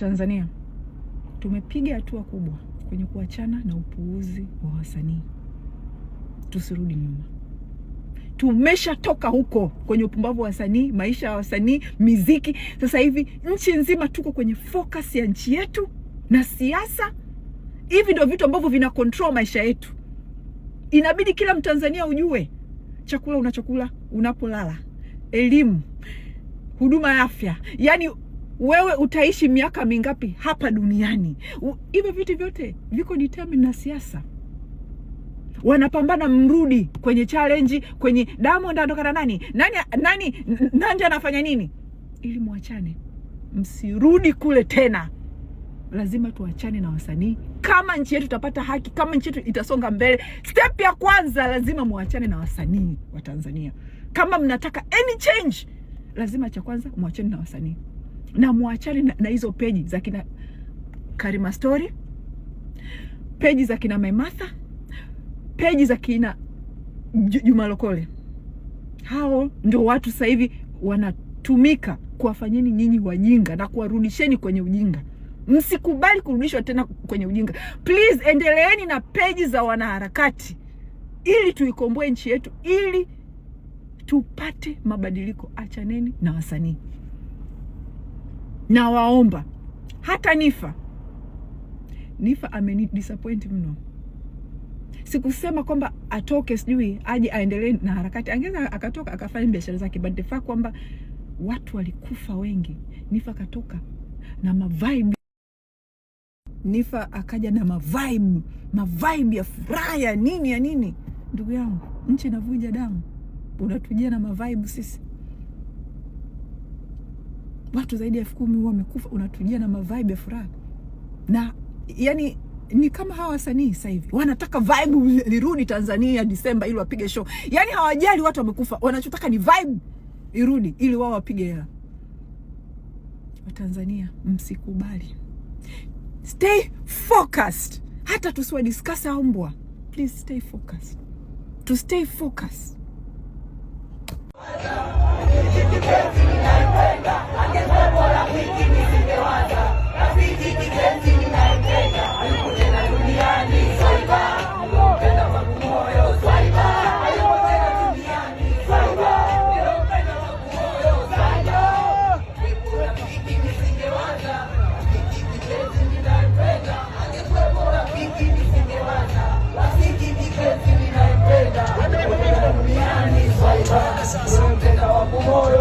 Tanzania tumepiga hatua kubwa kwenye kuachana na upuuzi wa wasanii. Tusirudi nyuma, tumeshatoka huko kwenye upumbavu wa wasanii, maisha ya wasanii, miziki. Sasa hivi nchi nzima tuko kwenye focus ya nchi yetu na siasa. Hivi ndio vitu ambavyo vina control maisha yetu. Inabidi kila Mtanzania ujue chakula unachokula, unapolala, elimu, huduma ya afya, yaani wewe utaishi miaka mingapi hapa duniani? Hivyo vitu vyote viko determine na siasa. Wanapambana mrudi kwenye challenge, kwenye Diamond anatokana nani nani nani, Nandy anafanya nini ili mwachane, msirudi kule tena. Lazima tuachane na wasanii kama nchi yetu itapata haki, kama nchi yetu itasonga mbele. Step ya kwanza, lazima mwachane na wasanii wa Tanzania. Kama mnataka any change, lazima cha kwanza mwachane na wasanii na mwachane na, na hizo peji za kina Karima Story, peji za kina Maimatha, peji za kina Juma Lokole. Hao ndio watu sasa hivi wanatumika kuwafanyeni nyinyi wajinga na kuwarudisheni kwenye ujinga. Msikubali kurudishwa tena kwenye ujinga. Please endeleeni na peji za wanaharakati ili tuikomboe nchi yetu, ili tupate mabadiliko. Achaneni na wasanii na waomba hata Nifa. Nifa ameni disappoint mno. Sikusema kwamba atoke sijui aje aendelee na harakati, angeza akatoka akafanya biashara zake, but the fact kwamba watu walikufa wengi, Nifa akatoka na mavibe Nifa akaja na mavibe mavibe ya furaha ya nini ya nini. Ndugu yangu, nchi inavuja damu, unatujia na mavibe sisi watu zaidi ya elfu kumi wamekufa, unatujia na mavibe ya furaha na yani ni kama hawa wasanii sasa hivi wanataka vibe lirudi Tanzania Disemba ili wapige show. Yani hawajali watu wamekufa, wanachotaka ni vibe irudi ili wao wapige hela. Watanzania, msikubali, stay focused. Hata tusiwa discuss au mbwa, please stay focused, to stay focused 고마워요.